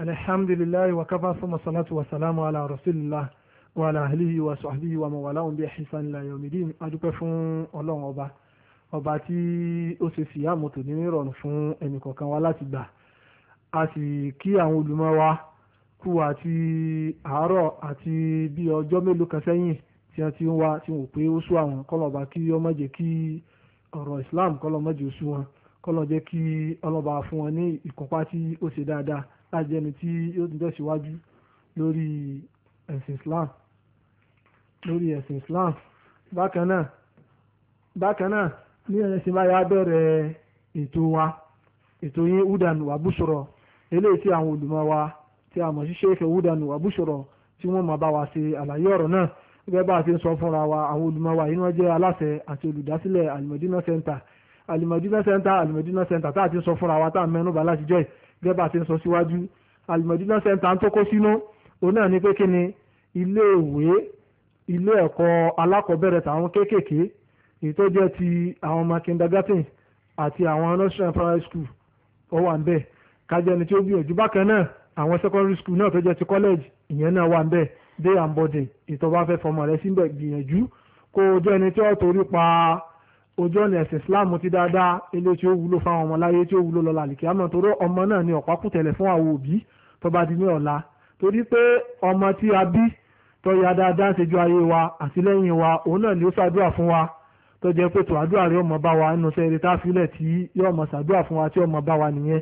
alhamdulilayi wa kafa sọmọ salatu wa salamu ala rasulillah wa ala alihi wa sahbihi wa mawalahun bi ihsan ila yawmidin adúpẹ́ fún ọlọ́run ọba ọba tí ó ṣe síyàmù tó ní ìrọ̀rùn fún ẹnìkọ̀ọ̀kan wa láti gbà a sì kí àwọn olùmọ̀ wa kú àti àárọ̀ àti bí ọjọ́ mélòó kan sẹ́yìn tí wọ́n ti ń wá tí wọ́n pé ó sú àwọn kọ́lọ́ba kí ó má kí ọ̀rọ̀ Islam kọ́lọ́ má jẹ́ wọn kọ́lọ́ jẹ́ kí ọlọ́ba fún wọn ní ìkọ́pá tí ó ṣe dáadáa láti ẹni tí yóò ti tẹ̀síwájú lórí ẹ̀sìn Islam lórí ẹ̀sìn Islam bákan náà bákan náà ní ẹ̀sìn báyà bẹ̀rẹ̀ ètò wa ètò yín udan wàbúṣọ̀rọ̀ eléyìí tí àwọn olùmọ̀ wa tí a mọ̀ sí Sheikh udan wàbúṣọ̀rọ̀ tí wọ́n máa bá wa ṣe àlàyé ọ̀rọ̀ náà gẹ́gẹ́ bá a ti ń sọ fúnra wa àwọn olùmọ̀ wa inú jẹ́ aláṣẹ àti olùdásílẹ̀ al Center al Center al Center tá a ti ń sọ fúnra wa tá a mẹ́nu bá láti jọ́ yìí gẹ́gẹ́ bá a ti ń sọ síwájú alimọ̀dínà center tó kó sínú òun náà ni pé kí ni ilé ìwé ilé ẹ̀kọ́ alákọ̀ọ́bẹ̀rẹ̀ tàwọn kéékèèké èyí tó jẹ́ ti àwọn ọmọ kindergarten àti àwọn nursery and primary school ó wà ń bẹ̀ kájẹni tí ó gbìyànjú bákan náà àwọn secondary school náà tó jẹ́ ti college ìyẹn náà wà ń bẹ̀ day and body ìtọ́ bá fẹ́ fọmọ rẹ síbẹ̀ gbìyànjú kó o jẹ́ ẹni tí ó torí pa ojú ọ̀nà ẹ̀sìn islam ti dáadáa ilé tí ó wúlò fáwọn ọmọ láyé tí ó wúlò lọ́la àlìkíyàmọ̀ torí ọmọ náà ni ọ̀pá kùtẹ̀lẹ̀ fún àwọn òbí tó bá di ní ọ̀la torí pé ọmọ tí a bí tó yá dáadáa ṣe ju ayé wa àtìlẹ́yìn wa òun náà ni ó ṣàdúrà fún wa tó jẹ́ pé tó àdúrà rẹ̀ ọmọ bá wa nínú sẹ́ẹ̀rì tá a filẹ̀ tí yọ̀ọ̀mọ̀ ṣàdúrà fún wa tí ọmọ bá wa nìyẹn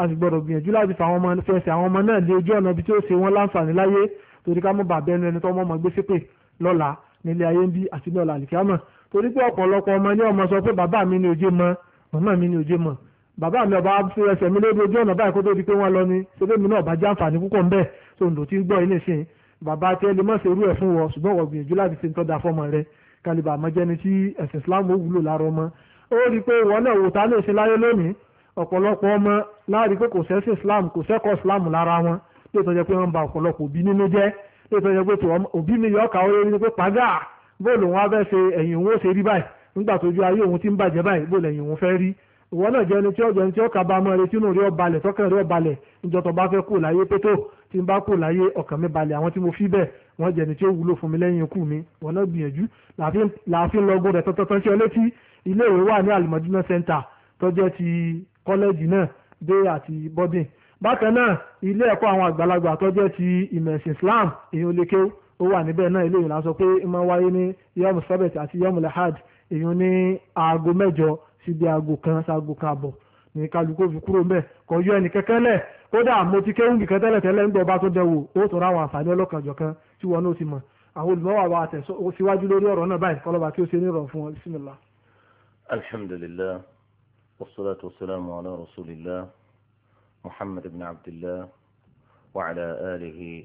a sì gbọ́dọ̀ gbìyànjú láti fa àwọn ọmọ fẹsẹ̀ àwọn ọmọ náà lé ojú ọ̀nà bí tí ó ṣe wọ́n láǹfààní láyé torí ká mọ̀ bàbá ẹnu ẹni tó mọ́ ọmọ gbé ṣépè lọ́la nílé ayé ń bí àti lọ́la àlìkámọ̀ torí pé ọ̀pọ̀lọpọ̀ ọmọ ní ọmọ sọ pé bàbá mi ni òjé mọ màmá mi ni òjé mọ bàbá mi ọba fi ẹsẹ̀ mi lórí ojú ọ̀nà báyìí kó tó di pé wọ́n lọ ni ṣebí mi náà bá já àǹfààní púpọ̀ ńbẹ̀ tó ń lò tí ń gbọ́ yín nìsín bàbá tẹ́ lè má ṣe irú ẹ̀ fún wọn ṣùgbọ́n wọ́n gbìyànjú láti fi ń tọ́ da fọ́mọ rẹ kálíbà àmọ́jẹ́ni tí ẹ̀sìn Islam ó wúlò lára ọmọ ó rí i pé ìwọ náà wò ta ní ìsìn láyé lónìí ọ̀pọ̀lọpọ̀ ọmọ láàrí pé kò sẹ́sìn Islam kò sẹ́kọ̀ọ́ Islam lára wọn lóòótọ́ jẹ́ pé wọ́n ba ọ̀pọ̀lọpọ̀ òbí nínú jẹ́ lóòótọ́ jẹ́ pé òbí mi yọ ọkà orí ni pé pàgà bóòlù wọn á fẹ́ ṣe ẹ̀yìn òun ó ṣe rí báyìí nígbà tójú ayé òun ti ń bàjẹ́ báyìí bóòlù ẹ̀yìn òun fẹ́ rí ìwọ náà jẹ́ ẹni tí ọ̀jọ̀ ẹni tí ọkà bá mọ́ retí inú rí ọ balẹ̀ tọ́kàn rí ọ balẹ̀ níjọ́ tó bá fẹ́ kú láyé pétó tí n bá kú láyé ọkàn mi balẹ̀ àwọn tí mo fi bẹ́ẹ̀ wọ́n jẹ́ ẹni tí ó wúlò fún mi lẹ́yìn ikú mi wọ́n náà gbìyànjú làáfin lọ́gùn rẹ̀ tọ́tọ́tọ́ sí ọ létí ilé ìwé wà ní Al-Madina Center tó jẹ́ ti kọ́lẹ́jì náà dé àti bọ́dìn bákan náà ilé ẹ̀kọ́ àwọn àgbàlagbà tó ti ìmẹ̀sìn Islam èèyàn lékeu ó wà níbẹ̀ náà eléyìí la sọ pé ìmọ̀ wáyé ní yọ́mù sabet àti yọ́mù lahad èèyàn ní aago mẹ́jọ sí aago kan sáago kan àbọ̀ ní kálukú fi kúrò mbẹ̀ kò yọ ẹnì kẹ́kẹ́ lẹ̀ kódà mo ti kéwù nìkan tẹ́lẹ̀ tẹ́lẹ̀ ń gbọ́ba tó dẹ̀wò ó tọrọ àwọn àǹfààní ọlọ́kanjọ̀ kan tí wọn náà ti mọ̀ àwọn olùmọ̀wà wa tẹ̀ síwájú lórí ọ̀rọ̀ náà báyìí kọ́lọ́ba kí ó ṣe ní fún wọn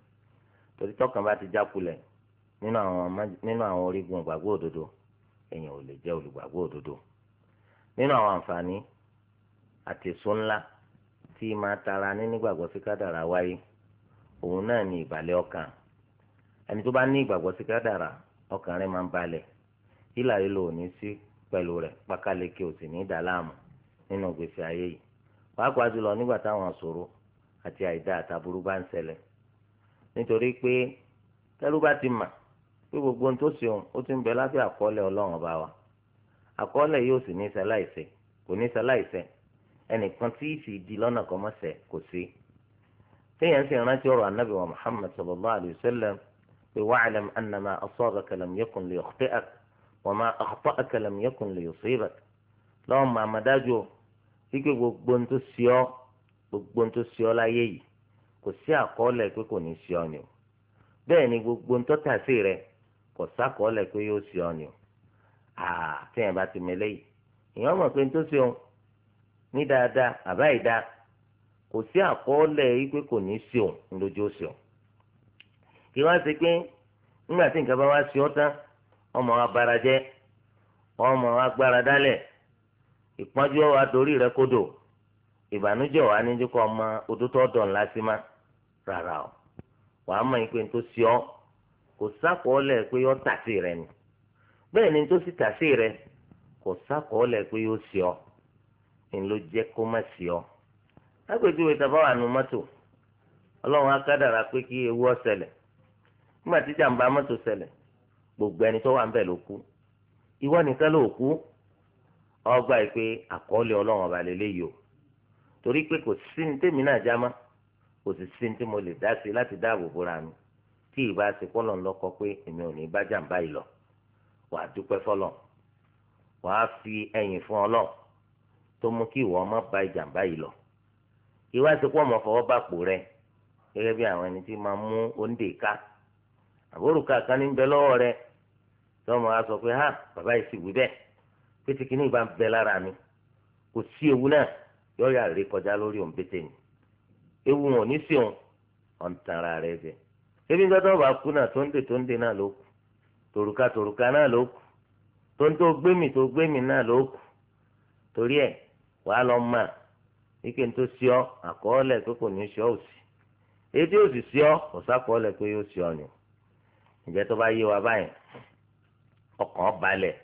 torí tọkàn bá ti jákulẹ̀ nínú àwọn orígun ìgbàgbọ́ òdodo èèyàn ò lè jẹ́ olùgbàgbọ́ òdodo nínú àwọn àǹfààní àti èso ńlá tí tara ní nígbàgbọ́ sí kádàrá wáyé òun ni ìbàlẹ̀ ọkàn ẹni tó bá ní ìgbàgbọ́ sí ọkàn máa ń balẹ̀ ìlò òní sí pẹ̀lú rẹ̀ pákáleke ò sì ní nínú ìgbésí ayé yìí nígbà táwọn àṣòro àti àìdá àtàbúrú bá ń nítorí pé kẹ́rú bá ti mà pé gbogbo ohun tó ṣe òun ó ti ń bẹ lábẹ́ àkọọ́lẹ̀ ọlọ́run ọba wa àkọọ́lẹ̀ yóò sì ní sáláìsẹ kò ní sáláìsẹ ẹnìkan tí ìsì di lọ́nà kan mọ́sẹ̀ kò sí. téèyàn sì rántí ọ̀rọ̀ anábì wa muhammad sallallahu alayhi wa sallam pé wa'lam annama asabaka lam yakun li yakhti'ak wa ma akhta'aka lam yakun li yusibak lọ́wọ́ màmá dájú o kò sí àkọọ́lẹ̀ pé kò ní sí ọ o bẹ́ẹ̀ ni gbogbo ń rẹ kò sákọọ́lẹ̀ pé yóò sí ọ ni tíyẹn bá ti mẹlẹ́ yìí mọ̀ pé ń tó sí ní dáadáa àbá ìdá kò sí àkọọ́lẹ̀ yìí kò ní sí sí kí bá wá sí ọ tán ọmọ wa jẹ ọmọ wa gbára ìpọ́njú rárá o wà mọ̀ ìpè tó sí ọ kò sákòólẹ̀ pé yọ tàsí rẹ ni bẹ́ẹ̀ ni tó tàsí rẹ kò sákòólẹ̀ pé yóò sí ọ ni ló jẹ́ kó má sí ọ. lágbèjúwe wà nù mọ́tò ọlọ́run akádàrà pé kí ewu ọ sẹlẹ̀ nígbà gbogbo ẹni tó wà ń bẹ̀ ló kú ìwọ nìkan ló kú ọgbà yìí pé àkọọ́lẹ̀ ọlọ́run ọba lélẹ́yìí o torí pé kò sì sí tí mo lè dá sí láti dáàbò bóra mi tí ìbá ṣe kọ́lọ̀ lọ́kọ pé èmi ò ní bá jàǹbá yìí lọ wàá dúpẹ́ fọlọ̀ wàá fi ẹ̀yìn fún ọlọ́ tó mú kí ìwọ ọmọ bá ìjàǹbá yìí lọ ìwà ṣe pọ̀ mọ́ fọwọ́ bá pò rẹ gẹ́gẹ́ bí àwọn ẹni tí máa mú oúnjẹ ká àbórùka kan ní bẹ lọ́wọ́ rẹ tọ́mọ á sọ pé ha bàbá yìí sì wí bẹ́ẹ̀ pété kí ní bẹ lára mi kò sí ewu náà yọ̀ọ́yà rè kọjá lórí òǹbẹ́tẹ̀ mi ewu wọn ò ní sí wọn ọ̀n tara rẹ̀ ebi nígbà tó bá kú náà tó ń dè tó ń dè náà ló kù tòrùka tòrùka náà ló kù tó ń tó tó náà ló kù torí ẹ wàá lọ mà ike tó sí ọ àkọọ́lẹ̀ pé kò ní sí ọ òsì èyí òsì sí ọ kò sákọọ́lẹ̀ ni ìjẹ́ tó bá yé wa báyìí ọkàn balẹ̀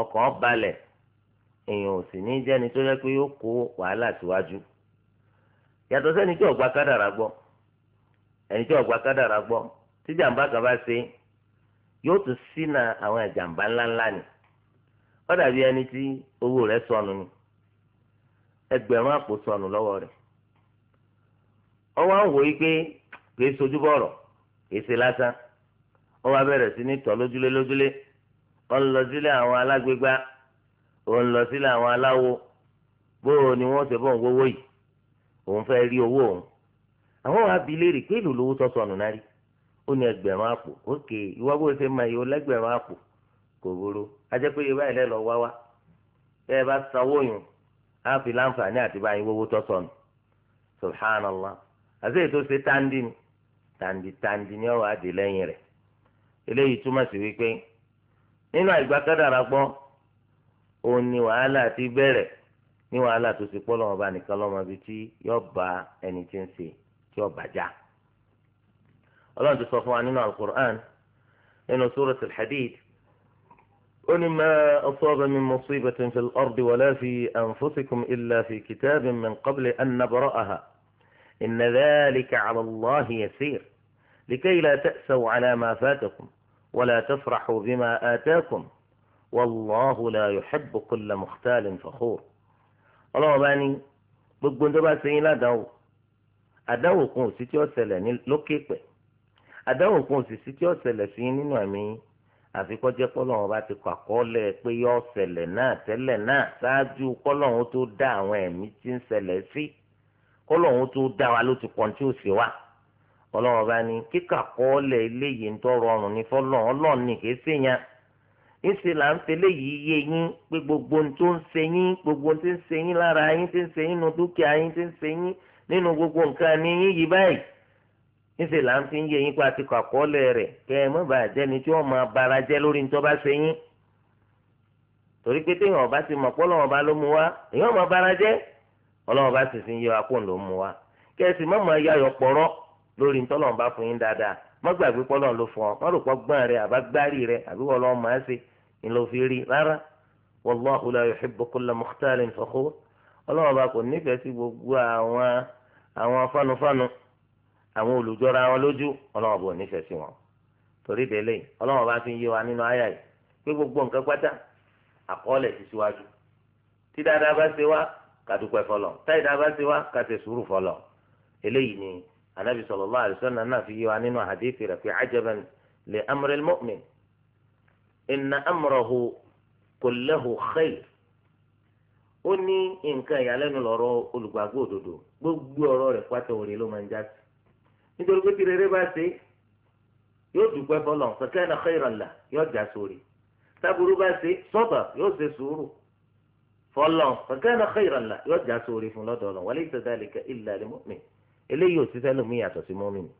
ọkàn balẹ̀ èèyàn yàtọ̀ sẹ́ni tí ọ̀gbà kádàrà gbọ́ ẹni tí ọ̀gbà kádàrà gbọ́ tí jàǹbá kan bá ṣe yóò tún sí ṣínà àwọn ìjàǹbá ńláńlá ni ó dàbí ẹni tí owó rẹ̀ sọnù ni ẹgbẹ̀rún àpò sọnù lọ́wọ́ rẹ̀ ọwọ́ àwọn wòye pé kìí sojú bọ̀rọ̀ kìí ṣe lásán ó wá bẹ̀rẹ̀ sí ní tọ́ lójúlé lójúlé ó ń lọ sílé àwọn alágbègbà ó ń lọ sílé àwọn aláwo bóò ni wọ́n ṣe bọ̀ ń wówó yìí òun fẹ́ rí owó òun àwọn wa bi léèrè pé èlò lówó sọ́sọ́ ọ̀nà náà rí ó ní ẹgbẹ̀rún àpò ókè ìwọ bó ṣe máa yọ a jẹ́ pé yorùbá ilẹ̀ lọ wá wá ẹ bá sanwó yùn á fi láǹfààní àti báyìí wọ́wọ́ nù subhanallah àti ètò ṣe tàǹdì ni tàǹdì tàǹdì ni ọ̀rọ̀ àdè lẹ́yìn rẹ̀ eléyìí ní wàhálà tó ti pọ́ lọ́wọ́ bá nìkan lọ́mọ bíi tí yóò bá ẹni tí ń ṣe tí yóò bá já. ọlọ́run ti yo ba eni ti n se ti yo ba ja olorun ti so fun wa nínú alukur'an nínú surat al-hadid ó ní ma mi mọ̀ sí fil tó ń fi anfusikum wọlé fi kitabin min qabli an nabra'aha inna dhalika ala allahi yasir likay la ta'saw ala ma fatakum wala tafrahu bima atakum wallahu la yuhibbu kulla mukhtalin fakhur. ọlọ́wọ́ bá ní gbogbo ń tó bá sẹ́yìn ládàáwò àdáwò kan ò sí tí ó ṣẹlẹ̀ ní lókè pẹ̀ àdáwò kan ò sì sí tí ó ṣẹlẹ̀ sí yín nínú àmì àfi kọ́jẹ́ bá ti kọ àkọọ́lẹ̀ pé yọ ṣẹlẹ̀ náà tẹ́lẹ̀ náà ṣáájú tó dá àwọn wa ló ti wa bá ní kíkà kọ́ọ́lẹ̀ eléyìí ń tọ́ rọrùn ní ọlọ́ọ̀ni ńṣe là ń fẹlẹ́ yìí yé yín pé gbogbo ohun tó ń ṣe yín gbogbo ohun tí ń ṣe yín lára yín tí ń ṣe yín nu dúkìá yín tí ń ṣe yín nínú gbogbo nǹkan ní yín yìí báyìí ńṣe là ń fi yé yín pa àti kàkọ́lẹ̀ rẹ̀ kẹ́ ẹ mọ́ bàá jẹ́ni tí wọ́n máa bara jẹ́ lórí nítorí bá ṣe yín torí pé téèyàn ọba ti mọ̀ pé ọlọ́wọ́n ọba ló mú wa èèyàn máa bara jẹ́ ọlọ́wọ́n ọba sì fi yé wa kó ló mú wa kẹ́ ẹ sì mọ̀ ya yọ̀pọ̀rọ̀ lórí nítorí ọlọ́wọ́n ọba fún yín dáadáa má gbàgbé pọ́ lọ́n ló fún ọ má rò pọ́ gbọ́n rẹ àbágbárí rẹ àbí wọ́n lọ́ọ́ máa ṣe ni ló fi rí rárá wallahu la yuhibbu kulla mukhtalin fakhur ọlọ́wọ́n bá kò nífẹ̀ẹ́ sí gbogbo àwọn àwọn fanufanu àwọn olùjọra wọn lójú ọlọ́wọ́n bò nífẹ̀ẹ́ sí wọn torí délé ọlọ́wọ́n bá fi ń yé wa nínú àyà yìí pé gbogbo nǹkan pátá àkọọ́lẹ̀ ti síwájú tí dáadáa bá ṣe wá kàdúpẹ́ fọlọ́ táyì dáadáa bá ṣe wá النبي صلى الله عليه وسلم fi yí wa nínú hadithi rẹ̀ pé ajaban li amri al-mu'min inna amrahu kullahu khayr ó ní nǹkan ìyàlẹ́nu lọ́rọ̀ olùgbàgbọ́ òdodo gbogbo ọ̀rọ̀ rẹ̀ pátá òrè ló máa ń já sí nítorí pé tí rere bá ṣe yóò dùpẹ́ bọ́lọ̀ kẹ́kẹ́ náà khayran la yóò já sórí táburú bá ṣe sọ́bà yóò ṣe sùúrù fọlọ́ kẹ́kẹ́ náà khayran la yóò já sórí fún lọ́dọ̀ ọ̀lọ́ wa laysa dhalika illa lil eléyìí ò sí sẹ́lòmí yàtọ̀ sí mọ́mìnì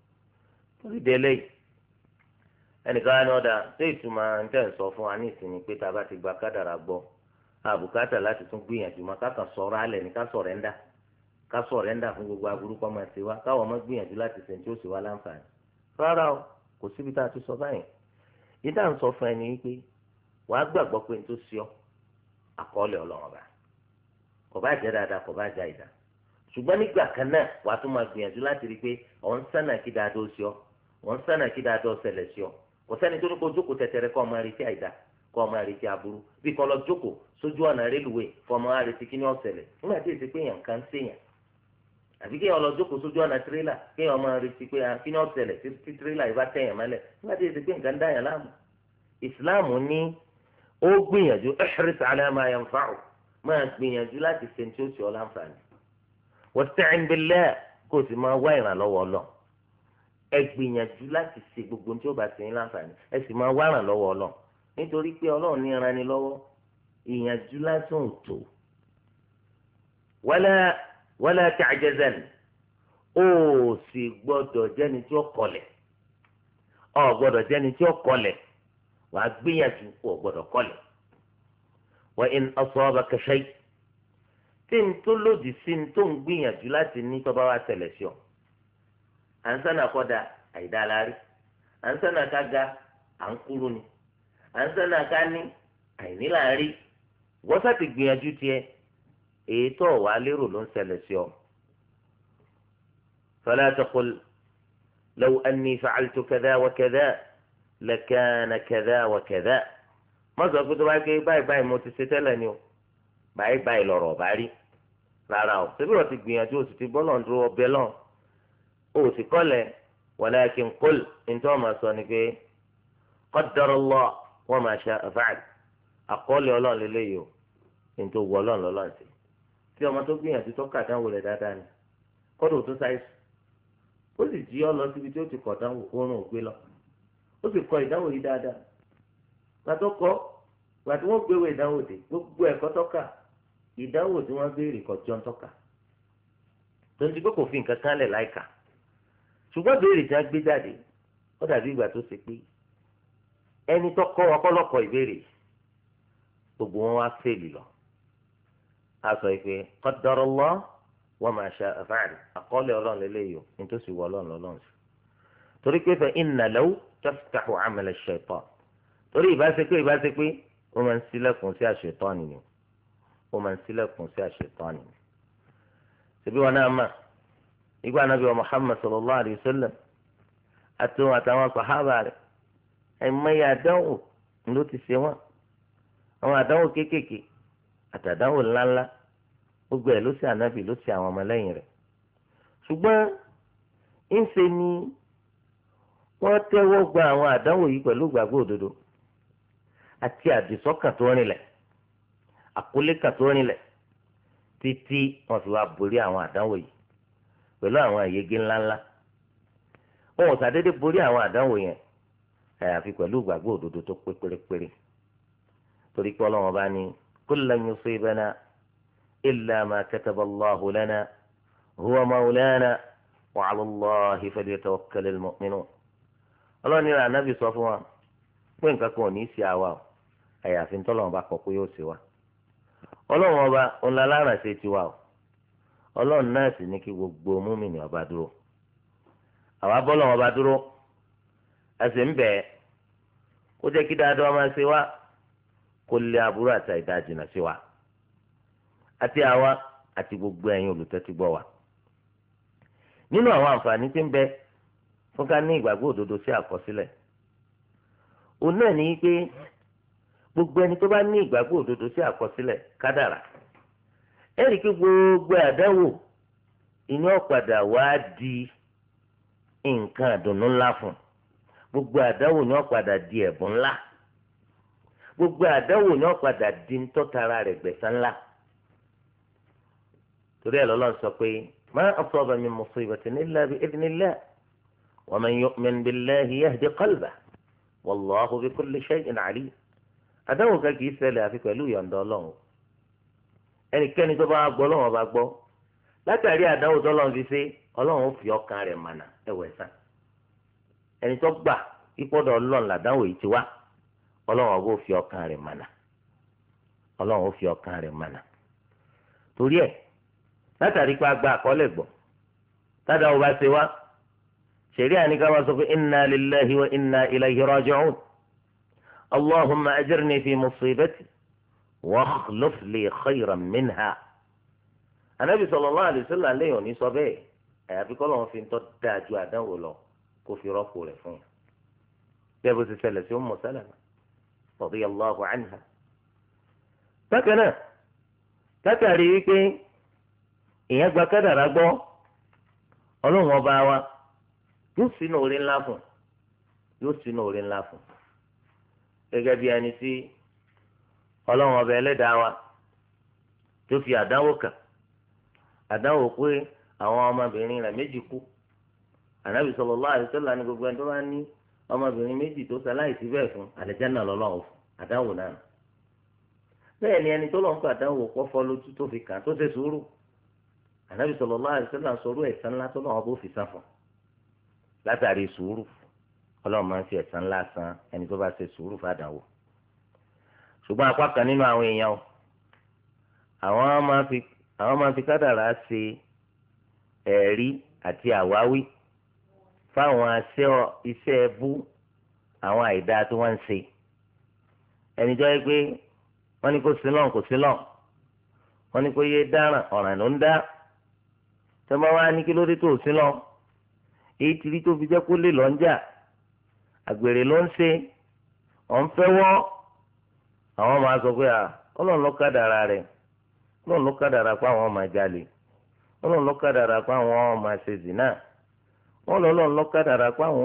torí de eléyìí ẹnìkan á ní ọ̀dà tó ìtumọ̀ ntẹ̀ ń sọ fún wa ní ìsinmi pé tá a bá ti gba kádàrà gbọ́ àbùkátà láti tún gbìyànjú mọ́ kákan sọ̀rọ̀ alẹ̀ ní ká sọ̀rẹ́ńdà ká sọ̀rẹ́ńdà fún gbogbo aburú kọ́ máa ṣe wá káwọn ọmọ gbìyànjú láti sèǹtì ó sì wá láǹfààní rárá o kò síbi tá a ti sọ báyìí yídà ń sọ fún ẹni wípé wàá gbàgbọ́ pé n tó ṣe àkọọ́lẹ̀ ọlọ́run ọba kò bá jẹ́ dáadáa kò bá jẹ́ ìdáa ṣùgbọ́n nígbà kan náà wàá tún máa gbìyànjú láti rí i pé ọ̀n sànà kí dáadọ́ sí ọ ọ̀n sànà kí dáadọ́ ṣẹlẹ̀ sí ọ kò sẹ́ni tó ní kó jókòó tẹ̀tẹ̀rẹ̀ kọ́ ọmọ àrètí àìdá kọ́ ọmọ àrètí aburú bí kọ́ lọ jókòó sójú ọ̀nà rélùwé kọ́ ọmọ àrètí kí ni ó ṣẹlẹ̀ nígbà tí èsì pé èèyàn kan ṣèyàn àbí kéèyàn lọ jókòó sójú ọ̀nà tirẹ́là kéèyàn ọmọ àrètí pé ah, kí ni ó ṣẹlẹ̀ tí tirẹ́là yìí bá tẹ̀yàn mọ́lẹ̀ nígbà tí èsì pé nǹkan ń dáyàn láàmú Islam ní ó gbìyànjú ihris ala ma yanfa'u máa gbìyànjú láti ṣe tí ó ṣe ọ láǹfààní wasta'in billah kó o sì máa wá ìrànlọ́wọ́ Ọlọ́run ẹ gbìyànjú láti ṣe gbogbo tí ó bá ṣe yín láǹfààní ẹ sì máa wá ìrànlọ́wọ́ Ọlọ́run nítorí pé Ọlọ́run ní lọ́wọ́ ìyànjú wala wala ta'jazan ó sì gbọ́dọ̀ jẹ́ni tí ó kọlẹ̀ ọ gbọ́dọ̀ jẹ́ni tí ó kọlẹ̀ wàá gbìyànjú ó gbọ́dọ̀ kọlẹ̀ wa in ọba tí n tó lòdì sí n tó ń gbìyànjú láti ní tọ́ba wa ṣẹlẹ̀ sí ọ. à ń sànà kọ́dà àìdálárí à ń sànà ká ga à ń kúrú ni à ń sànà ká ní àìníláàrí gbìyànjú tiẹ̀ èyí tó wàá lérò ló ń ṣẹlẹ̀ sí ọ. fala taqul law anni fa'altu kadha wa kadha lakana kadha wa kadha. mọ́sàn-án tó bá gé báyìí báyìí mo ti ṣe tẹ́lẹ̀ ni o báyìí báyìí lọ̀rọ̀ bá rárá o ṣebí wọ́n ti gbìyànjú o sì ti bọ́ lọ́n ọbẹ̀ lọ́n o sì kọ́lẹ̀ walakin qul nítorí wọ́n máa sọ ni pé qaddarallah ma sha'a fa'al àkọọ́lẹ̀ ọlọ́run lélẹ́yìí o nítorí wọ́ ọlọ́run lọ́lọ́run sí tí ọmọ tó gbìyànjú tó kà dánwò rẹ̀ dáadáa ni kọ́dọ̀ tó sáyẹ̀sì ó sì jí ọ lọ síbi tí ó ti kọ̀ dánwò oorun ò gbé lọ ó sì kọ ìdánwò yìí dáadáa gbàtó kọ́ gbàtó wọ́n gbéwò ìdánwò dé gbogbo ẹ̀kọ́ tọ́ka ìdáwò tí wọ́n béèrè kọjọ́ ń tọ́ka tó ń di pé kò fi nǹkan kan lẹ̀ láìka ṣùgbọ́n béèrè tí wọ́n gbé jáde ó dàbí ìgbà tó ṣe pé ẹni tó kọ́ ọkọ́lọ́kọ́ ìbéèrè gbogbo wọn wá fèlì lọ a sọ pé qadarallahu wa ma sha'a fa'al àkọọ́lẹ̀ ọlọ́run lélẹ́yìí o ní tó sì wọ ọlọ́run lọ́lọ́run sí torí pé fa inna law taftahu 'amal ash-shaytan torí ìbáṣepé ìbáṣepé wọ́n máa ń ṣílẹ̀kùn sí àṣetọ́ nìyẹn ó máa ń sílẹ̀kùn sí àṣetán ni. ṣebí wọn náà mà ìgbà Ànábì wa Muhammad sallallahu alayhi wa sallam àtúnwò àtàwọn sàhábà rẹ̀ ẹ̀mọ́yà àdánwò ló ti ṣe wọ́n àwọn àdánwò kéékèèké àtàdánwò ńláńlá gbogbo ẹ̀ ló ṣe ànábì ló ṣe àwọn ọmọlẹ́yìn rẹ̀ ṣùgbọ́n ńṣe ni wọ́n tẹ́wọ́ gba àwọn àdánwò yìí pẹ̀lú òdodo àti àdìsọ́kàn tó àkólé kan tó rinlẹ̀ títí wọ́n fi wá borí àwọn àdánwò yìí pẹ̀lú àwọn àyege ńláńlá wọn ò sàdédé borí àwọn àdánwò yẹn àyàfi pẹ̀lú ìgbàgbọ́ òdodo tó pé pérépéré torí pé ọlọ́wọ́n bá ní kullan yusibana illa ma kataba Allahu lana huwa mawlana wa ala Allahi falyatawakkalil mu'minun ọlọ́run ní ìlànà bí sọ fún wa pé nǹkan kan ò ní í ṣe àwa o àyàfi ntọ́lọ́wọ́n bá kọ pé yóò ṣe wa. ọlọ́run ọba ọ̀la láràṣẹ tiwa o ọlọ́run náà sì ní kí gbogbo múmìnì ọba dúró àwa bọ́lọ́run ọba dúró a ń bẹ̀ ẹ́ kó jẹ́ kí ṣe wá kó lé aburú àti àìdájìnà àti àwa àti gbogbo ẹ̀yin olùtẹ́tí wa nínú àwọn àǹfààní tí ń bẹ fún ní ìgbàgbọ́ òdodo sí gbogbo ẹni tó bá ní ìgbàgbọ́ òdodo sí àkọsílẹ̀ kádàrà kí gbogbo àdáwò ìní ọ̀padà wá di nǹkan àdùnnú ńlá fún gbogbo àdáwò ní ọ̀padà di ẹ̀bùn ńlá gbogbo àdáwò ní ọ̀padà di ńtọ́tara rẹ̀ gbẹ̀san ńlá torí ẹ̀ lọ́lọ́ sọ pé wa àdánwò kan kì í ṣẹlẹ̀ àfi pẹ̀lú ìyọ̀ǹda ọlọ́run ẹnikẹ́ni tó ọba gbọ́ látàrí tó fi ṣe ọlọ́run ó fi ọkàn rẹ̀ mànà ẹ̀wẹ̀ sàn ẹni tó gbà ìpọ́dọ̀ ọlọ́run làdánwò yìí ti wá ọlọ́run ọba ó fi ọkàn rẹ̀ mànà ọlọ́run ó fi ọkàn rẹ̀ mànà torí ẹ̀ látàrí a gba àkọọ́lẹ̀ gbọ́ ṣe wá sọ اللهم أجرني في مصيبتي واخلف لي خيرا منها النبي صلى الله عليه وسلم lé òní sọ bẹ́ẹ̀ àyàfi kọ́ lọ́wọ́ fi ń tọ́ dáa ju àdánwò lọ kó fi rọ́pò rẹ̀ fún un bẹ́ẹ̀ bó ti ṣẹlẹ̀ sí Ummu Salama radiyallahu anha. bákan náà látàrí wípé ìyẹn gba kádàrá gbọ́ ọlọ́run ọba wa yóò sínú orí ńlá fún yóò sínú orí ńlá fún gẹ́gẹ́ bí ẹni tí ọba ẹlẹ́dàá wa tó fi àdánwò kàn àdánwò pé àwọn ọmọbìnrin meji méjì kú ànábì sallallahu alaihi wasallam ní gbogbo ẹni tó bá ní ọmọbìnrin méjì tó ṣaláìsí bẹ́ẹ̀ fún àlẹ́jánà fún àdánwò náà ni ẹni tó lọ́n fún àdánwò pọ́fọ́ lójú tó fi kàn tó ṣe ọlọ́run máa ń fi ẹ̀san ńlá san ẹni tó bá ṣe sùúrù fàdánwò ṣùgbọ́n apá kan nínú àwọn èèyàn o àwọn máa fi àwọn máa fi kádàrá ṣe ẹ̀rí àti àwáwí fáwọn iṣẹ́ ẹbú àwọn àìdá tí wọ́n ń ṣe ẹni jọ́ pé wọ́n ní kó sílọ̀ kó sílọ̀ wọ́n ní kó yé dáràn ọ̀ràn ló ń dá tẹ́ bá ní kí ló dé tó sílọ̀ èyí tìrí tó fi jẹ́ kó lè lọ́njà àgbèrè ló ń ṣe ọ̀n fẹ́ wọ́ àwọn máa sọ pé ọlọ́run ló kádàrà rẹ̀ ọlọ́run ló kádàrà pé àwọn máa jalè ọlọ́run ló kádàrà pé àwọn máa ọlọ́run ló kádàrà pé àwọn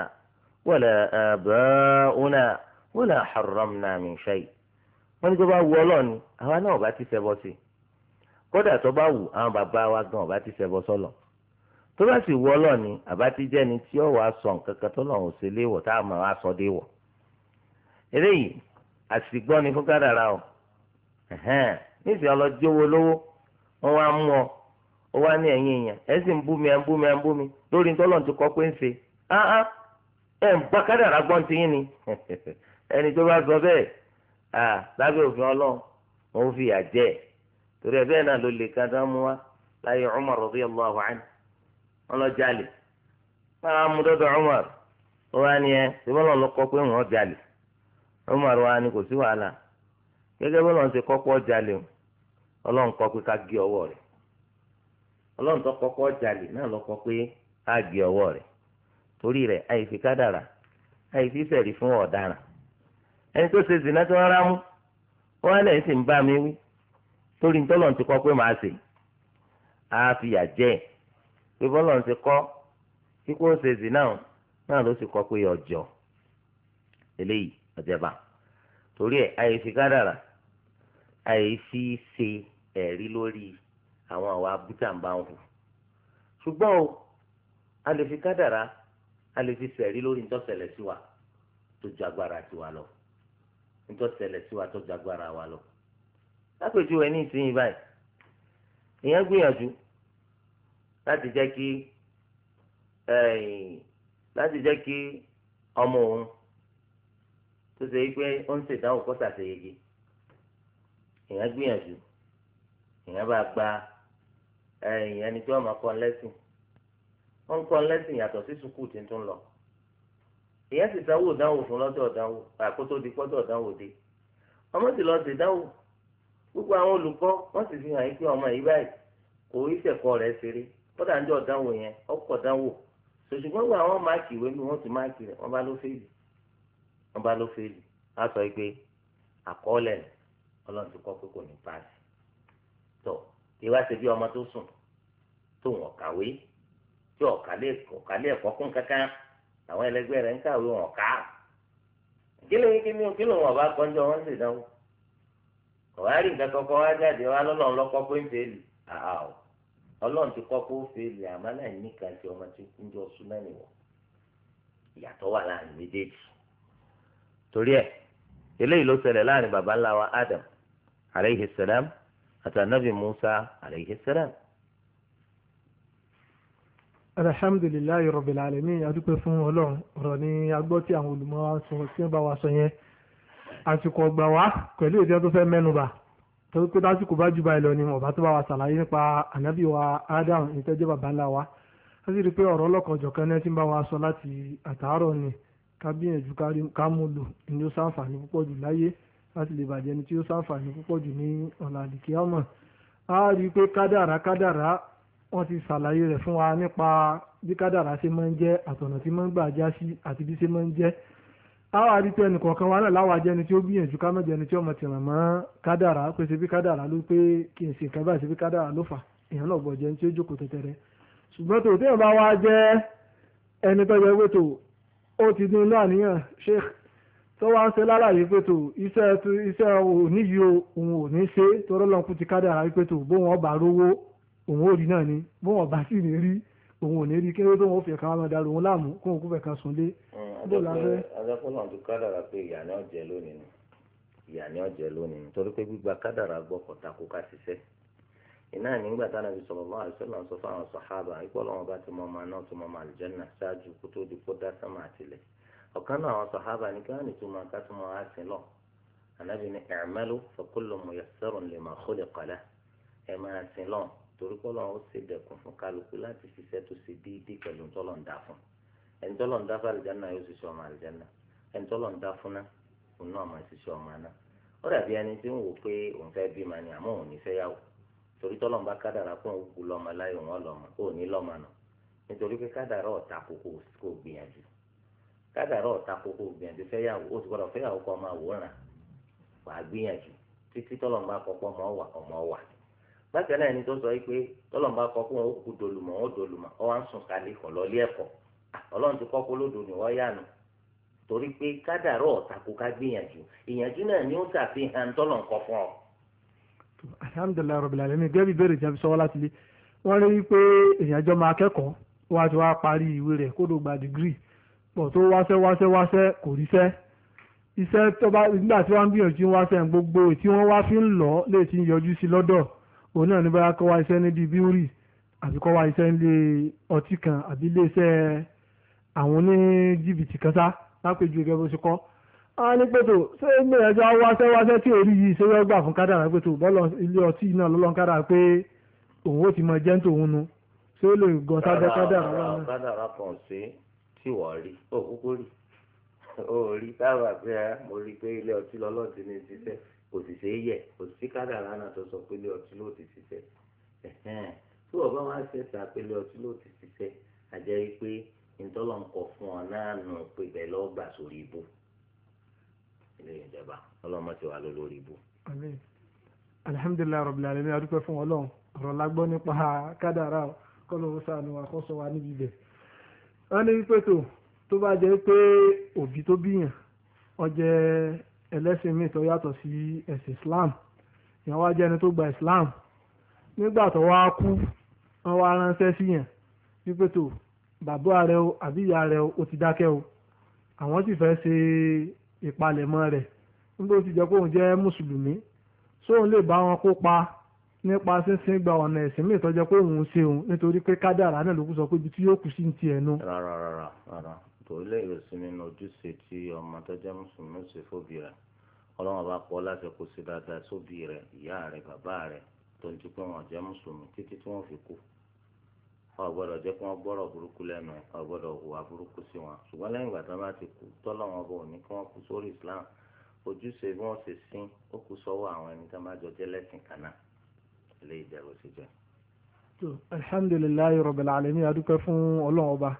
ó ولا آباؤنا ولا حرمنا من شيء wọ́n ní tó bá wù ni àwa náà ọba ti ṣẹbọ sí i kódà bá wù àwọn bàbá wa gan ọba ti ṣẹbọ lọ. tó bá sì wù ọlọ́ọ̀ni àbá ti ni tí ọ̀wà sọ nǹkan kan tó léwọ̀ tá a máa sọ déwọ̀ eléyìí àsìgbọ́n ni fún kádàrà o níṣẹ́ ọlọ́jọ́ lówó wọ́n wá ọ ní ẹ̀yìn ẹ̀ ń gbọ́ ti yín ni ẹni tó bá sọ bẹ́ẹ̀ à lábẹ́ òfin ọlọ́run òun fi àjẹ́ torí ẹ bẹ́ẹ̀ náà ló lè ka dán mú wa láyé Umar radiyallahu anhu wọn lọ wa ni ẹ si lọ́ọ́ lọ kọ́ pé wọ́n jalè wa ni kò sí wàhálà gẹ́gẹ́ bọ́lọ̀ ń ṣe kọ́kọ́ jalè o ọlọ́run pé ká gé tó náà lọ pé ká torí rẹ̀ àìfi kádàrà àìfi sẹ̀rí fún ọ̀daràn ẹni tó ṣe zina tó rárá mú wọn á lẹ́yìn sì ń bá mi wí torí ntọ́lọ̀ ti kọ́ pé màá ṣe á fi yà jẹ́ ẹ̀ pé bọ́lọ̀ ti kọ́ kíkó ṣe zina o náà ló sì kọ́ pé ọjọ́ eléyìí ọ̀jẹ̀bà torí ẹ̀ àìfi kádàrà àìfi ṣe ẹ̀rí lórí àwọn àwa abúta ń bá ń hù ṣùgbọ́n o a lè fi kádàrà a lè fi sẹ̀rí lórí ntọ́sẹ̀lẹ̀ sí wa tó ju agbára tiwa lọ ntọ́sẹ̀lẹ̀ sí wa tó ju agbára wa lọ. lápèjúwe ní ìsinyìí báyìí ìyẹn gbìyànjú láti jẹ́ kí láti jẹ́ kí ọmọ òun tó ṣe pé ó ń ṣèdánwò kó ṣàṣeyege ìyẹn gbìyànjú ìyẹn bá gba ẹni tí wọ́n máa kọ́ lẹ́sìn wọ́n ń kọ́ lẹ́sìn sí sukùl tí ń tún lọ ìyẹn ti dánwò dánwò fún lọ́dọ̀ dánwò àkótó di pọ́dọ̀ dánwò dé ọmọ sì lọ sí dánwò gbogbo àwọn olùkọ́ wọ́n sì fi hàn yín pé ọmọ yìí báyìí kò rí ìṣẹ̀kọ́ rẹ̀ ṣeré kódà ń jọ dánwò yẹn ọkọ̀ dánwò ṣùgbọ́n gbogbo àwọn máàkì ìwé mi wọ́n ti máàkì rẹ̀ wọ́n bá ló fèlì wọ́n bá ló fèlì á sọ pé àkọọ́lẹ̀ ọlọ́run pé kò ní paasi tó ìwá bí ọmọ tó sùn tó wọ́n kàwé tí ọ̀kálẹ̀ ẹ̀kọ́ kún kankan àwọn ẹlẹgbẹ́ rẹ̀ ń kàwé wọn ká kí ni kílò wọn bá gbọ́njọ wọn sì dánwò ọ̀wá rí nǹkan kọ́kọ́ wá jáde wá lọ́lọ́run lọ́kọ́ pé ń fèèlì àhàó ọlọ́run ti kọ́kọ́ fèèlì àmọ́ náà nìkan ti ọmọ tí kún jọ súná nìwọ̀ ìyàtọ̀ wà láàrin méjèèjì torí e, eléyìí ló ṣẹlẹ̀ láàrin Adam aleyhi Musa alhamdulilayi rabbil alamin adúpẹ́ fún ọlọ́run ọ̀rọ̀ ni agbọ́ tí àwọn olùmọ̀ wa sọ tí wọ́n bá wa sọ yẹn àsìkò ọgbà wa pẹ̀lú èdè tó fẹ́ mẹ́nuba torí pé lásìkò bá jù báyìí lọ ni ọba tó bá wa ṣàlàyé nípa ànábì wa adam ìtẹ́jọ́ bàbá ńlá wa a sì rí i pé ọ̀rọ̀ ọlọ́kan ọ̀jọ̀kan náà ti ń bá wa sọ láti àtàárọ̀ ni kábíyànjú kámúlò ni ó sáǹfààní púpọ̀ jù láyé láti lè bàjẹ́ ni tí ó sáǹfààní púpọ̀ jù ní ọ̀làdìkíámọ̀ a rí i pé kádàrá kádàrá wọ́n ti ṣàlàyé rẹ̀ fún wa nípa bí kádàrá ṣe máa ń jẹ́ àtọ̀nà tí máa ń gbà já sí àti bí ṣe máa ń jẹ́ táwa rí pé ẹnìkọ̀ọ̀kan wa náà láwa jẹ́ni tí ó gbìyànjú ká mọ̀ jẹ́ni tí ọmọ tìràn mọ́ kádàrá pé ṣe bí kádàrá ló pé kì í ṣe nǹkan báyìí ṣe bí kádàrá ló fà èèyàn náà gbọ́ jẹ́ni tí ó jókòó tẹ̀tẹ̀rẹ̀ ṣùgbọ́n tòótọ́ ìyẹn bá wá jẹ́ ẹni tó yẹ wétò ó ti dín inú àníyàn sheikh tó wá ń ṣe lálàyé pé tò iṣẹ́ òní yìí òun ò ní ṣe torọ́lọ́kùn ti kádàrá wípé tò bóun ọba rówó òun ò rí náà ni bó wọn bá sì ní rí òun ò ní rí kéré tó wọn ò fẹ́ kan wọn darú òun láàmú kó òun kó fẹ́ kan sùn lé. adẹ́kùnrin tó kádàrà pé ìyá ni ọ̀jẹ̀ lónìí ni ìyá ni ọ̀jẹ̀ lónìí torí pé gbígba kádàrà gbọ́ kọ̀tà kó ká ṣiṣẹ́ iná nígbà táwọn ibi sọ̀rọ̀ lọ́wọ́ àìsàn náà sọ fáwọn sàhábà ikọ́ bá ti mọ ọmọ náà tó mọ ọmọ àlùjànnà ṣáájú kó tó di torí kọ́lọ́ ó ṣe dẹ̀kùn fún kálukú láti ṣiṣẹ́ tó ṣe déédéé pẹ̀lú ntọ́lọ́ǹda fún ẹni tọ́lọ́ǹda fún àlìjáná yóò ṣiṣẹ́ ọmọ àlìjáná ẹni tọ́lọ́ǹda fún náà òun náà máa ṣiṣẹ́ ọmọ náà ó dàbí ẹni tí ń wò pé òun fẹ́ bímọ ni àmọ́ òun ní fẹ́ yàwó torí fún òkú lọ́mọ wọn lọ́mọ ní lọ́mọ nítorí pé bákan náà ẹni tó sọ pé tọ́lọ́n bá kọ́ kó wọn ó kú dolùmọ̀ ó dolùmọ̀ ó wá ń sùn kalẹ̀ kọ̀ lọ́ọ́lé ẹ̀kọ́ ọlọ́run ti kọ́ kó lódò ní wọ́n yànnà torí pé kádàárọ̀ ọ̀tàkù ká gbìyànjú ìyànjú náà ni ó ṣàfihàn tọ́lọ́n kọ́ fún ọ. alhamdulilayi rabil alamin gẹ́gẹ́ bí ìbéèrè jẹ́ sọ́wọ́ láti lé wọ́n rí i pé ìyànjọ́ máa kẹ́kọ̀ọ́ wọ́n á ti wá parí ìwé rẹ̀ kó ló gba dìgírì pọ̀ tó wáṣẹ́ wáṣẹ́ wáṣẹ́ kò ríṣẹ́ iṣẹ́ tó bá nígbà tí wọ́n gbìyànjú wáṣẹ́ gbogbo tí wọ́n wá fi ń lọ lè ti yọjú sí lọ́dọ̀ òun náà ní bóyá kọ́ wá iṣẹ́ níbi bíórì àbí kọ́ wá iṣẹ́ nílé ọtí kan àbí iléeṣẹ́ àwọn oní jìbìtì kan sá lápèjú gẹ́gẹ́ bó ṣe kọ́ a ní pẹ̀tò ṣé gbìyànjú àwọn wáṣẹ́ wáṣẹ́ tí èrí yìí ṣe wọ́n gbà fún kádàrá pẹ̀tò bọ́lọ̀ ilé ọtí náà lọ́lọ́ kádàrá pé òun ó ti mọ jẹ́ tòun nu ṣé ó lè gọ sábẹ́ kádàrá wà náà. kádàrá kan ṣe tí wọ́n rí òkúkú rí ó rí táwọn àgbẹ̀ mo rí pé ilé ọtí lọ́lọ́ ti ní ṣiṣẹ́ kò sì ṣeé yẹ kò sí kádàrá náà tó sọ pé lé ọtí ló ti ṣiṣẹ́ tí wọ́n bá wá ṣẹ̀ṣà pé lé ọtí ló ti ṣiṣẹ́ àjẹ́ rí pé ìtọ́lọ̀ ń kọ fún ọ náà nù pé bẹ́ẹ̀ lọ́ọ́ gbà sórí ibú ilé ìjọba ọlọ́mọ ti wà lórí ibú. alhamdulilayi rabbil alamin a dúpẹ́ fún Ọlọ́run ọ̀rọ̀ la gbọ́ nípa kádàrá kọlọ́wọ́ sànù àkọ́sọ wa níbi ibẹ̀ wọ́n ní pé tó bá jẹ́ pé òbí tó bíyàn ọ ẹlẹ́sìn míì tó yàtọ̀ sí ẹ̀sìn Islam yẹn wá jẹ́ ẹni tó gba Islam nígbà tó wá kú wọ́n wá ránṣẹ́ sí yẹn wípé tó bàbá rẹ o àbí ìyá rẹ o ó ti dákẹ́ o àwọn sì fẹ́ ṣe ìpalẹ̀mọ́ rẹ̀ nígbà tó ti jẹ́ pé òun jẹ́ mùsùlùmí sóun lè bá wọn kópa nípa sínsìn gba ọ̀nà ẹ̀sìn míì tó jẹ́ pé òun ṣe òun nítorí pé kádàrá náà ló kú sọ pé ibi tí yóò kù sí ti ẹ̀ nu. rárá rárá rárá kò lè yọ sí nínú ojúṣe tí ọmọ tọ́jà mùsùlùmí ṣe fóbi rẹ̀ ọlọ́wọ́n bá pọ̀ láti kó sí dáadáa sóbi rẹ̀ ìyá rẹ̀ bàbá rẹ̀ tó ń ti wọn jẹ́ mùsùlùmí títí tí wọ́n fi kú wọn ò gbọ́dọ̀ jẹ́ kí wọ́n gbọ́rọ̀ burúkú lẹ́nu ẹ̀ wọn gbọ́dọ̀ hùwà burúkú sí wọn ṣùgbọ́n lẹ́yìn ìgbà tí bá ti kú tọ́lọ́wọ́n bò ní kí wọ́n kú sórí Islam ojúṣe bí wọ́n ṣe sin ó kú sọ́wọ́ àwọn ẹni tí bá jọ jẹ́ lẹ́sìn kan ilé ìdẹ̀rù sí jẹ́. alhamdulilayi rabbil alamin adúpẹ́ fún ọlọ́run ọba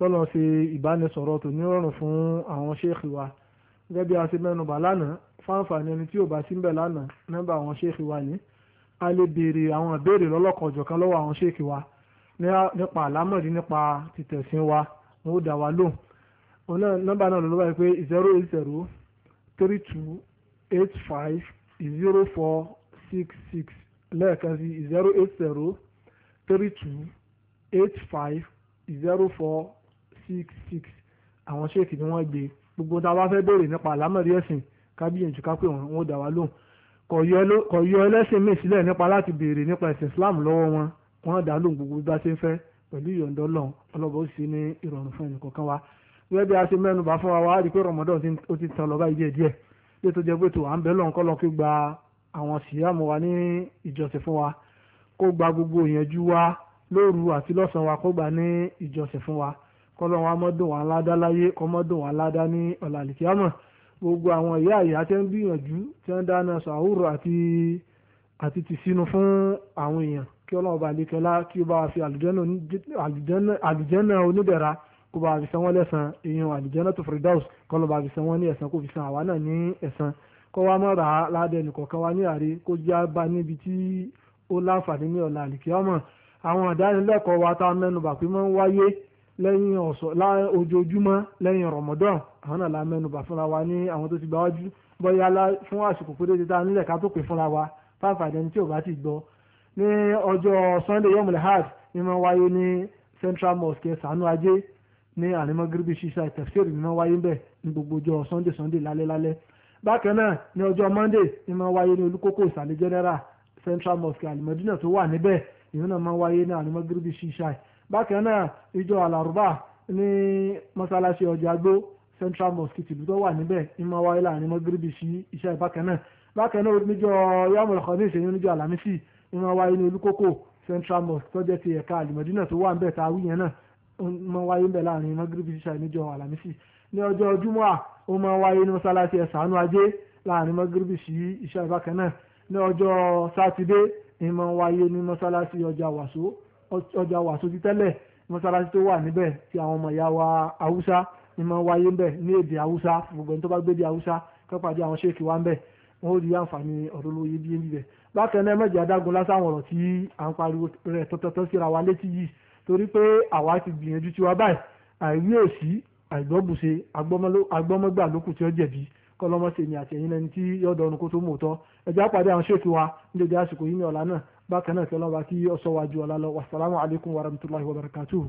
tọ́lọ́ ṣe ìbánisọ̀rọ̀ tó ní rọrùn fún àwọn ṣéèkì wa gẹ́gẹ́ bí a ṣe mẹ́nubà lánàá fáǹfààní ẹni tí ò bá sí ńbẹ̀ lánàá nọ́mbà àwọn ṣéèkì wa ni a lè béèrè àwọn ìbéèrè lọ́lọ́kọ̀ọ̀jọ̀kan lọ́wọ́ àwọn ṣéèkì wa nípa àlámọ̀rí nípa títẹ̀sìn wa wọn ó dá wa lóhùn òun nọ́mbà náà lọ́lọ́ báyìí pé zero eight zero three two eight five zero four six six lẹ́ẹ̀kan sí zero eight zero three two eight five zero four six six àwọn ṣéèkì ni wọ́n gbé gbogbo tá a bá fẹ́ béèrè nípa àlámọ̀rí ẹ̀sìn kábíyèjú ká pé wọ́n wọ́n dá wa lóhùn kò yọ ẹlẹ́sìn míì sílẹ̀ nípa láti béèrè nípa ẹ̀sìn Islam lọ́wọ́ wọn wọ́n dá lóhùn gbogbo bá ṣe ń fẹ́ pẹ̀lú ìyọ̀ǹda Ọlọ́run ọlọ́bọ̀ ó sì ní ìrọ̀rùn fún ẹnìkọ̀ọ̀kan wa gẹ́gẹ́ bí a ṣe mẹ́nubà fún wa wá rí i pé Ramadan ó ti tán lọ báyìí díẹ̀ díẹ̀ bí tó jẹ́ pé tó à ń bẹ́ lọ́nkọ́ lọ́n kí gba àwọn síyàmù wa ní ìjọsìn fún wa kó gba gbogbo ìyànjú wa lóru àti lọ́sàn-án wa kó gba ní ìjọsìn fún wa kọ́lọ́n wa mọ́dún wa ládá láyé kọ́mọ́dún wa ládá ní ọ̀làlìkíámọ̀ gbogbo àwọn ìyá ìyá tẹ́ ń gbìyànjú tẹ́ ń dáná sàhúrò àti àti ti sínú fún àwọn èèyàn kí ọlọ́run bá lè kẹlá kí ó bá wa fi àlùjẹ́nà onídẹ̀ra kó bá wa fi san wọ́n lẹ́san èèyàn àlùjẹ́nà tó firdaus kọ́lọ́n bá fi san wọ́n ní ẹ̀san kó fi san àwa náà ní ẹ̀san kọ́ wa mọ́ra ládẹ́nu kọ̀ọ̀kan wa ní àárẹ̀ kó já bá níbi tí ó láǹfààní ní ọ̀la àlìkíámọ̀ àwọn àdánilẹ́kọ̀ọ́ wa tá a mẹ́nubà pé máa wáyé lẹ́yìn ọ̀sọ̀ ojoojúmọ́ lẹ́yìn Ramadan àwọn náà la mẹ́nubà fúnra wa ní àwọn tó ti gbà wájú bóyá fún àsìkò péréte tá a nílẹ̀ ká tó pè fúnra wa fáfàdé ní tí ò bá ti gbọ́ ní ọjọ́ Sunday yom lehad ni wọ́n wáyé ní Central Mosque sànú ajé ní àrímọ́ gíríbì ṣíṣà ìtẹ̀fẹ́rì ni wọ́n wáyé ń bẹ̀ ní gbogbo ọjọ́ Sunday Sunday lálẹ́ lálẹ́ bákan náà ní ọjọ́ Monday ni wọ́n wáyé ní olúkókò ìsàlẹ̀ general Central Mosque àlìmọ́dínà tó wà níbẹ̀ ìyẹn náà máa wáyé bákan náà ìjọ àlàrúbà ní mọ́sálásí ọjà gbó central mosque tìlú tó wà níbẹ̀ ìmọ̀ wáyé láàrin mọ́gíríbì sí iṣẹ́ bákan náà bákan náà níjọ yàmùlẹ̀ ní ìṣẹ́yìn níjọ àlàmísì ìmọ̀ wáyé ní olúkókò central mosque tó jẹ́ ti ẹ̀ka àlùmọ̀dínà tó wà ń bẹ̀ tá a wí yẹn náà ìmọ̀ wáyé ń bẹ̀ láàrin mọ́gíríbì sí iṣẹ́ níjọ ní ọjọ́ júmọ́ à ó máa wáyé ní mọ́sálásí ẹ̀sánú ajé láàrin mọ́gíríbì sí iṣẹ́ bákan ní ọjọ́ sátidé ìmọ̀ wáyé ní mọ́sálásí ọjà wàsó ọjà wà sójú tẹ́lẹ̀ mọ́sálásí tó wà níbẹ̀ tí àwọn ọmọ ìyá wa haúsá ni máa wáyé ń bẹ̀ ní èdè haúsá gbogbo ẹni tó bá gbé di haúsá kọ́pàdé àwọn ṣéèkì wa ń bẹ̀ wọ́n ó di àǹfààní ọ̀rọ̀ olóye bí ń bíbẹ̀ bákan náà mẹ́jọ adágún lásáwọn ọ̀rọ̀ tí à ń pariwo rẹ̀ tọ́tọ́tọ́ síra wa létí yìí torí pé àwa ti gbìyànjú tí ó jẹ̀bi kọ́lọ́mọ́sẹ̀ ni àtẹ̀yìn lẹni tí yọ̀dọ̀ ọ̀run kó tó mọ̀ tọ́ ẹ̀já pàdé àwọn ṣèkí wa ní àsìkò yìí ní ọ̀la náà bákan náà kí ọlọ́wà kí ọ sọ wájú ọlá lọ wàsálàmù alaykum wa rahmatulahi wa barakatuhu.